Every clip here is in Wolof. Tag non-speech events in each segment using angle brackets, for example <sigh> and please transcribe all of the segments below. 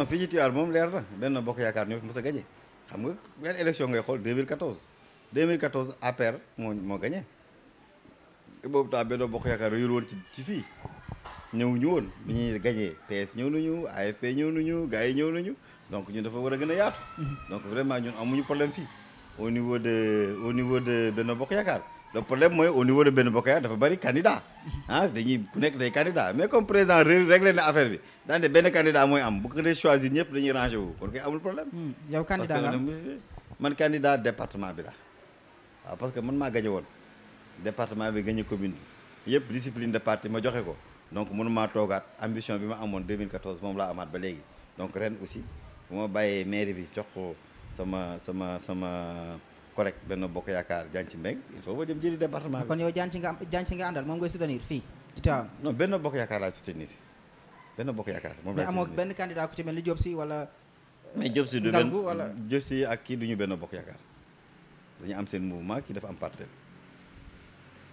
non fii ci Tivaouane moom leer na benn bokk yaakaar ñoo fi mos a gagné xam nga benn élection ngay xool 2014 2014 APR moo moo gagné boobu taa benn bokk yaakaar yooyu woon ci ci fii ñëw ñu woon bi ñuy gagné PS ñëw nañu AFP ñëw nañu gars yi ñëw nañu donc ñu dafa war a gën a yaatu. Mhm. donc vraiment ñun amuñu problème fii au niveau de au niveau de benn bokk yaakaar. le problème mooy au niveau de Benno Bokk Yaakaar dafa bari candidat mhm. ah dañuy ku nekk day candidat mais comme président réglé na affaire bi daan benn candidat mooy am bu ko dee choisir ñëpp dañuy rangé wu kon kay amul problème. Hmm. yow candidat man candidat département bi la waaw ah, parce que man maa gañe woon département bi gañe commune bi yëpp discipline de parti ma joxe ko donc mënu maa toogaat ambition bi ma amoon 2014 moom laa amaat ba léegi donc ren aussi bu ma bàyyee bi jox ko sama sama sama. correct benn bokk yaakaar jànci mbeng il faut ba dem jëli département bi. kon yow jànci nga nga àndal moom ci Tivaouane. non benn bokk yaakaar laay soutenir benn bokk yaakaar. moom laay soutenir mais amoo benn candidat ku ci mel ni Diop si wala. Euh, mais Diop wala Diop si ak kii du ñu benn bokk yaakaar dañu am seen mouvement kii dafa am parti.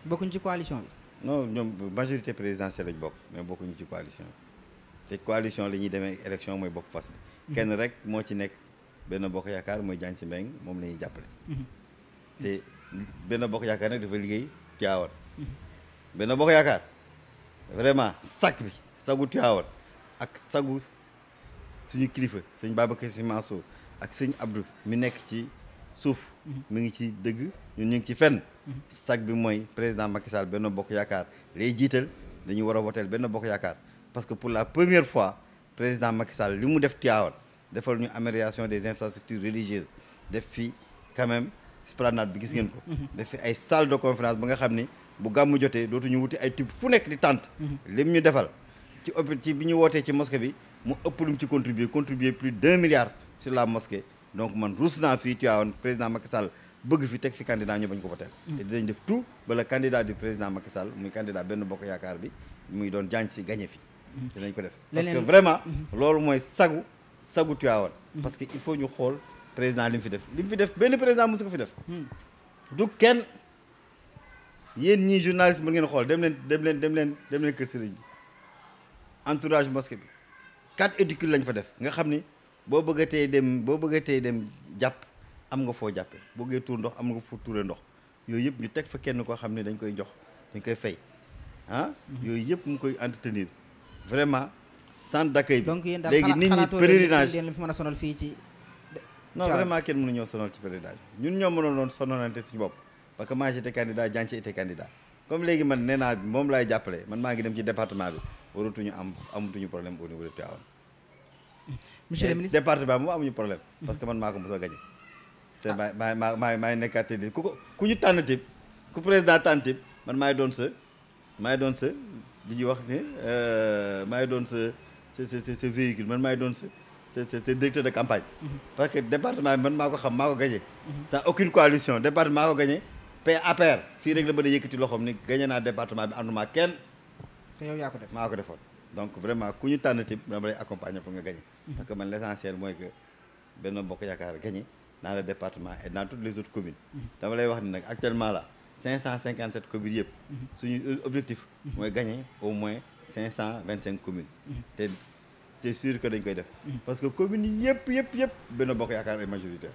bokkuñ ci coalition bi. non ñoom majorité présidentielle lañ bokk mais bokkuñu ci coalition bi te coalition demee élection mooy bokk fas bi. Mhm. kenn rek moo ci nekk benn bokk yaakaar mooy jànci mbeng moom la ñuy jàppale. Mhm. te benn bokk yaakaar nag dafa liggéey Tiwaawan benn bokk yaakaar vraiment sag bi sagu Tiwaawan ak sagu suñu kilifa sëñ Babacar Sy Mansour ak sëñ Abdou mu nekk ci suuf mu ngi ci dëgg ñun ñu ngi ci fen sag bi mooy président Macky benn bokk yaakaar lay jiital dañu war a woteel benn bokk yaakaar parce que pour la première fois président Macky li mu def Tiwaawan defal ñu amélioration des infrastructures religieuses def fi quand même esplanade bi gis ngeen ko. Mhm. def fi ay salle de conférence ba nga xam ni bu gàmmu jotee dootuñu wuti ay type fu nekk di tànt mhm. lim ñu defal ci opi ci bi ñu wootee ci mosquée bi mu ëpp lu mu ci contribuer contribuer plus d'un milliard sur la mosquée donc man ruus naa fii Tivaouane président Macky Sall bëgg fi teg fi candidat ñu bañ ko voter mhm. te dinañ def tout bala candidat du président Macky Sall muy candidat benn bokk yaakaar bi muy doon jaañ si gagné fi dinañ ko def parce vraiment loolu mooy sagu sagu Tivaouane parce que il faut ñu xool président li fi def li mu fi def benn président mosu ko fi def du kenn yéen ñi journaliste mën ngeen xool dem leen dem leen dem leen dem leen kër sëriñ bi entourage mosquée bi quatre édicules lañ fa def nga xam ni boo bëggatee dem boo bëggatee dem jàpp am nga foo jàppee bëggee tuur ndox am nga foo tuuree ndox yooyu yëpp ñu teg fa kenn koo xam ne dañ koy jox dañ koy fay ah mhm. yooyu yëpp mu koy entretenir vraiment centre d'accueil bi léegi nit ñi pèlerinage fi mën a sonal fii ci non vraiment kenn mënu ñoo sonal ci président ñun ñoo mënoon loon sonalante suñu bopp parce que moi j'étais candidat Dianthi était candidat man nee naa moom laay jàppale man maa ngi dem ci département bi waratuñu am amatuñu problème au monsieur le ministre département moom amuñu problème que man a gañe ah. maa maa maa maa maay ku ko ku ñu tànn tib man maay doon sa maay doon sa li ñuy wax ni euh, maay doon sa sa sa sa véhicule man maay doon sa c'est directeur de campagne. Mm-hmm. parce que département bi man maa ko xam maa ko gagné. sans mm-hmm. aucune coalition département maa ko gagné. paie APR fii rek la mën a yëkkati loxoom ni gagné naa département bi ànduma kenn. te yow yaa ko def maa ko defoon. donc vraiment ku ñu tànn tamit dama lay accompagner pour nga gagné. Mm-hmm. parce que man l'essentiel mooy que Benno Bokk Yaakaar gagné dans le et dans toutes les autres communes. dama lay wax ni nag actuellement là 557 c'est sûr que dañ koy def. parce que commune yëpp yëpp yëpp Bokk Yaakaar est majoritaire.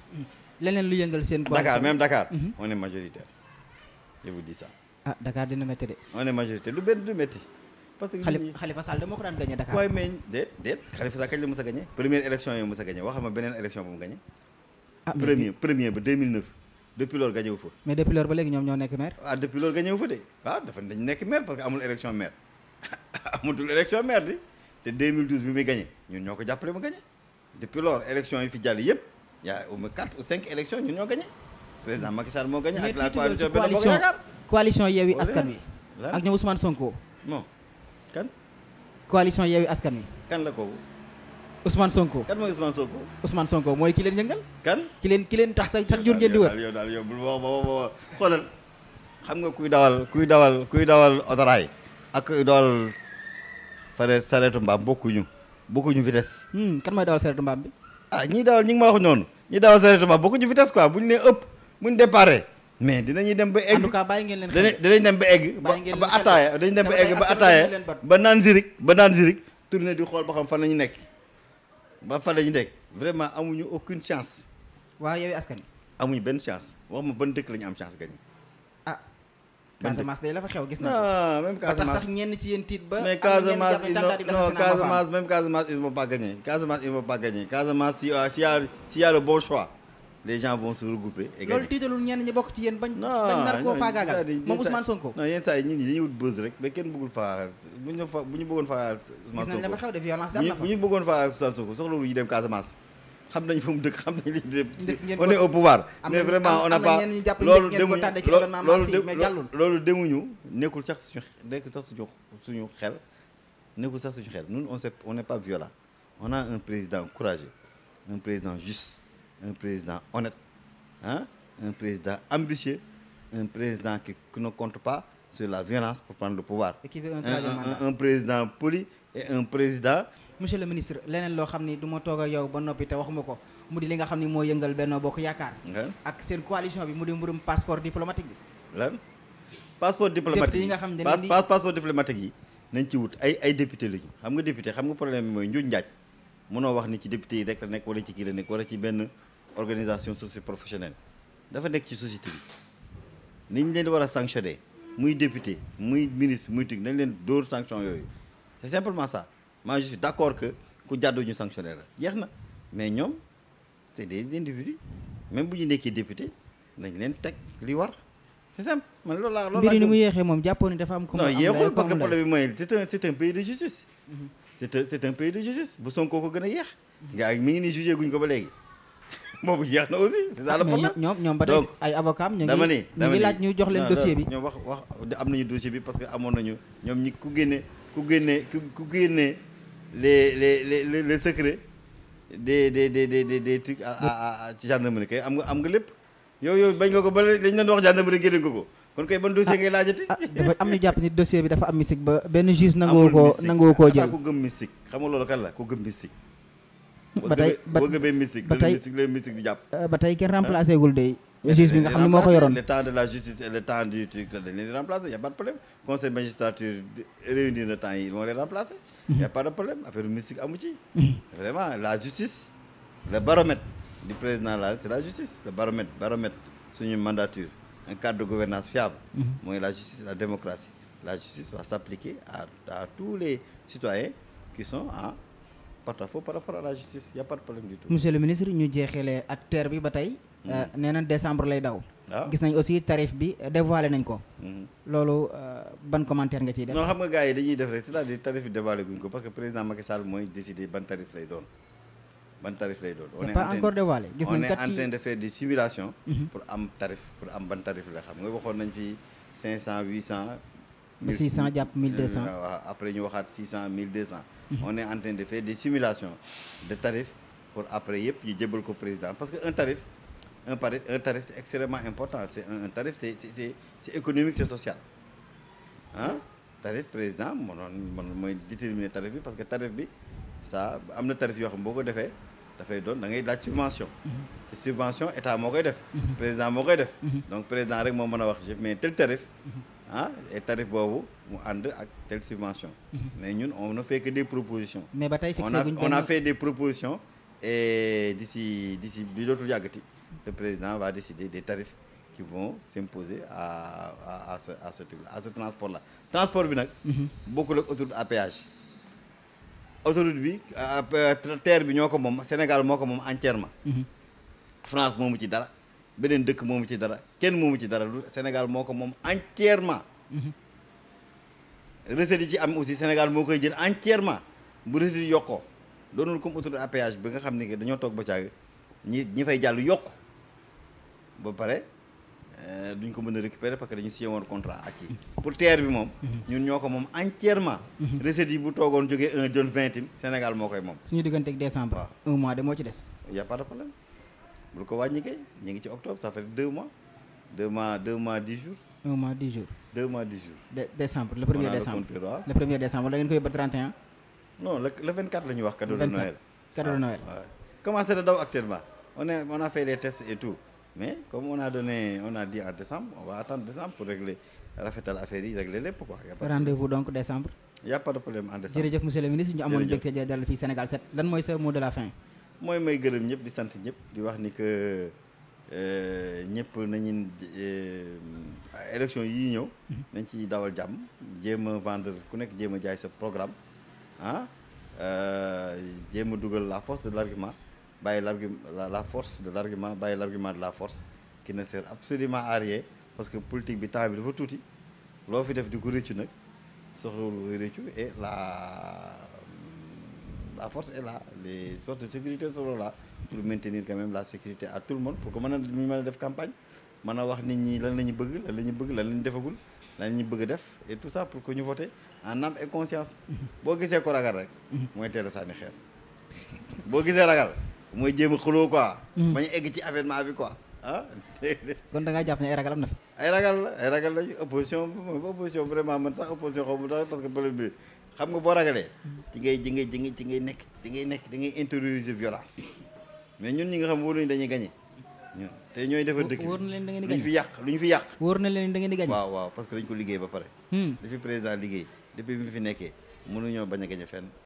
leneen lu yëngal seen. Dakar même Dakar. Mhm. on est majoritaire. je vous dis ah Dakar dina métti de. on majoritaire lu benn du métti. parce que xali Xalifa Sall dama ko daan gagné Dakar. waaye mais déet déet Xalifa Sall kañ la mos a gagné. première élection yi mos a gagné waxama beneen élection bu mu gagné. ah premier premier ba 2009. depuis loolu gagné wu fa. mais depuis ba léegi ñoom <laughs> te 2012 bi muy gagné ñun ñoo ko jàppale mu gagné depuis lors élection yi fi jàll yëpp y' a au moins 4 ou ñun ñoo gagné président Macky moo gagné. ak la coalition benn bokk Askan Wi. ak ñoom Ousmane Sonko. moo kan. coalition Yewwi Askan Wi. kan la kooku. Ousmane Sonko. kan mooy Ousmane Sonko. Ousmane Sonko mooy ki leen yëngal. kan ki leen ki leen tax sax tax jur ngeen di wër. yow daal yow bul wax xam nga kuy dawal kuy dawal kuy dawal otoraay ak kuy dawal fare sareetu mbaam bokkuñu bokkuñu vitesse. Hmm, kan mooy dawal sareetu mbaam bi. ah ñi dawal ñi ma wax noonu ñi dawal sareetu mbaam bokkuñu vitesse quoi buñ nee ëpp buñ déparé mais dinañuy dem ba egg. en bàyyi ngeen leen xel dinañ dem ba egg. bàyyi ngeen dem ba egg ba ataaya ba naan zirik ba naan zirik tourné di xool ba xam fan la ñu nekk ba fan la ñu nekk vraiment amuñu aucune chance. waaw yow askan amuñu benn chance wax ma ban dëkk lañu ñu am chance gañ Casamance day la fa xew gis na même Casamance ba tax sax ñenn ci yéen tiit ba mais Casamance non Casamance même Casamance ils vont Casamance ils vont pas gagner Casamance si si a si y a le bon choix les gens vont loolu tiitalul ñenn ñi bokk ci yéen bañ bañ nar koo kenn bëggul faagaal bu ñu bu ñu bëggoon faagaal Ousmane Sonko gis nañ la fa xew de violence dam na fa bu ñu bëggoon faagaal Ousmane Sonko soxla lu ñu dem Casamance xam nañ fu dëkk xam nañ li lépp on est au pouvoir mais vraiment on n'a pas loolu demuñu loolu loolu demuñu nekkul sax suñu nekkul sax suñu suñu xel nekkul sax suñu xel ñun on sait n'est pas violent on a un président courageux un président juste un président honnête un président ambitieux un président qui ne compte pas sur la violence pour prendre le un président poli et un président monsieur le ministre leneen loo xam ni du ma toog ak yow ba noppi te waxuma ko mu di li nga xam ni moo yëngal Benno Bokk Yaakaar ak seen coalition bi mu di mburum passeport diplomatique bi lan passeport diplomatique yi nga xam ne passeport diplomatique yi nañ ci wut ay ay député lañu xam nga député xam nga problème bi mooy njuñ njaaj mënoo wax ni ci député yi rek la nekk wala ci kii la nekk wala ci benn organisation socio-professionnelle dafa nekk ci société bi ni ñu leen war a sanctionné muy député muy ministre muy nañ leen dóor sanction yooyu c'est moi je suis d' accord que ku jàddu ñu sanctionné la jeex na mais ñoom c' est des individus même bu ñu nekkee député nañ leen teg li war c' est loolu laa loolu laa ni mu yéexee moom jàppoon ni dafa am. comme non yéexul parce que problème bi mooy c' est un c' est un pays de mhm. ko gën a yéex. ko ba léegi. <laughs> boobu jeex na aussi c' est ça ñoom ñoom ba tey ay avocat ñu ngi ñu ngi laaj ñu jox leen dossier bi ñoom wax wax am nañu dossier bi parce que amoon nañu ñoom ñi ku génne ku génne ku génne les les les les secrets des des des de des trucs à ci gendarmerie kay am nga am nga lépp yow yow bañ nga ko ba dañ doon wax gendarmerie génne nga ko kon kay ban dossier ah, ngay laajati. Ah, dafa am ñu jàpp ni dossier bi dafa am mystique ba benn juge nangoo koo nangoo ko jël ku gëm mystique xam nga loolu kan la ku gëm mystique. ba tey ba tey boo gëmee mystique. ba tey mystique di jàpp. ba tey kenn remplacé gul de. juge bi nga xam ne moo ko yoroon le temps de la justice et le temps du truc dañ leen yi moo leen remplacer. Mhm. a pas de problème affaire mystique mhm. la justice le baromètre du président la c' est la justice le baromètre baromètre suñu mandature un cadre de gouvernance fiable. Mhm. mooy la justice la démocratie la justice va s'appliquer à tous les citoyens qui sont en porte-à-faux par rapport à la justice y' pas de problème du tout. monsieur le ministre ñu jeexalee ak terre bi ba tey. Euh, nee na décembre lay daw. Ah. gis nañ aussi tarif bi euh, dévoilé nañ ko. Hmm. loolu euh, ban commentaire nga ci def. non xam nga gars yi dañuy def rek c'est-à-dire tarif bi dévoilé guñ ko parce que président Macky Sall mooy décider ban tarif lay doon ban tarif lay doon. on pas encore dévoilé gis nañ kat on est en train de faire des mhm. pour am tarif pour am ban tarif la xam nga waxoon nañ fi 500 800. 600 jàpp 1200 waaw après ñu waxaat 600 1200. Mhm. on est en train de faire des simulations de tarif pour après yëpp ñu jébal ko président parce que un un tarif un tarif c'est extrêmement important c'est un tarif c'est c'est c'est économique c'est social ah tarif président mënoon mooy déterminer tarif bi parce que tarif bi ça am na tarif yoo xam boo ko defee dafay doon da ngay subvention mm-hmm. te subvention état moo koy def mm-hmm. président moo koy def mm-hmm. donc président rek moo mën a wax je mets tel tarif ah et tarif boobu mu ànd ak telle subvention mais ñun on ne fait que des propositions mais ba tey fixé guñ on a fait des propositions et d'ici d'ici bi dootul yàggati le président va décider des tarifs qui vont s'imposer à à ce transport là transport bi nag. Mhm. bokkul ak autoroute à péage. autoroute bi terre bi ñoo ko moom Sénégal moo ko moom entièrement. Mhm. France moomu ci dara. beneen dëkk moomu ci dara kenn moomu ci dara lu Sénégal moo ko moom entièrement. Mhm. recettes yi am aussi Sénégal moo koy jël entièrement bu recettes yi yokkoo doonul comme autoroute à péage bi nga xam ne que dañoo toog ba caag ñi ñi fay jàll yokk. ba pare euh, duñ ko mën a récupérer parce que dañu signé woon contrat ak kii pour terre bi moom ñun ñoo ko moom entièrement recettes yi bu toogoon jógee un jon vingtime Sénégal moo koy moom suñu diggante ak décembre waaw un mois de ko wàññi ñu ngi ci octobre ça fait deux mois deux mois deux mois dix jours un mois dix jours deux mois dix jours décembre le premier décembre le premier décembre da ngeen koy ba non le le 24 la ñuy wax cadeau de Noël cadeau de Noël waaw commencé daw actuellement on est a fait mais comme on a donné on a dit en décembre on va attendre décembre pour régler rafetal affaire yi régler lépp quoi. rendez-vous donc décembre. y' a pas de problème en décembre jërëjëf monsieur le ministre ñu amoon mbégte dalal fii Sénégal 7 lan mooy sa mot de la fin. mooy may gërëm ñëpp di sant ñëpp di wax ni que euh, ñëpp nañu euh, élection yi ñëw. nañ ci dawal jàmm jéem a vendre ku nekk jéem a jaay sa programme ah euh, jéem a dugal la force de l' bàyyi l'argument la force de l'argument bàyyi l'argument de la force qui ne sert absolument à parce que politique bi temps bi dafa tuuti loo fi def di ko rëccu nag soxlawul rëccu et la la force est là les forces de sécurité sont là pour maintenir quand même la sécurité à tout le monde pour ko mën a ñu mën a def campagne mën a wax nit ñi lan la ñu bëgg lan la ñu bëgg lan la ñu defagul lan la ñu bëgg a def et tout ça pour que ñu vote en âme et conscience <laughs> boo gisee ko ragal rek mm-hmm. mooy teel sànni xeer boo gisee ragal mooy jéem a xuloo quoi. Hmm. bañ a egg ci avènement bi quoi ah. <laughs> kon da ngaa jàpp ne ay ragal am na fi. ay ragal la ay ragal lañu opposition moom opposition vraiment man sax opposition xaw ma tax parce que problème bi xam nga boo ragalee. ci ngay ci ngay ci ngay ci ngay nekk ci ngay nekk da ngay intérioriser violence. mais ñun ñi nga xam wóoruñu dañuy gagné. ñun te ñooy defar dëkk bi wóor na leen da ngeen di gagné lu ñu fi yàq lu ñu fi yàq. wóor na leen da ngeen di gagné waaw waaw parce que dañ ko liggéey ba pare. Hmm. li fi président liggéey depuis bi mu fi nekkee mënuñoo bañ a gagné fenn.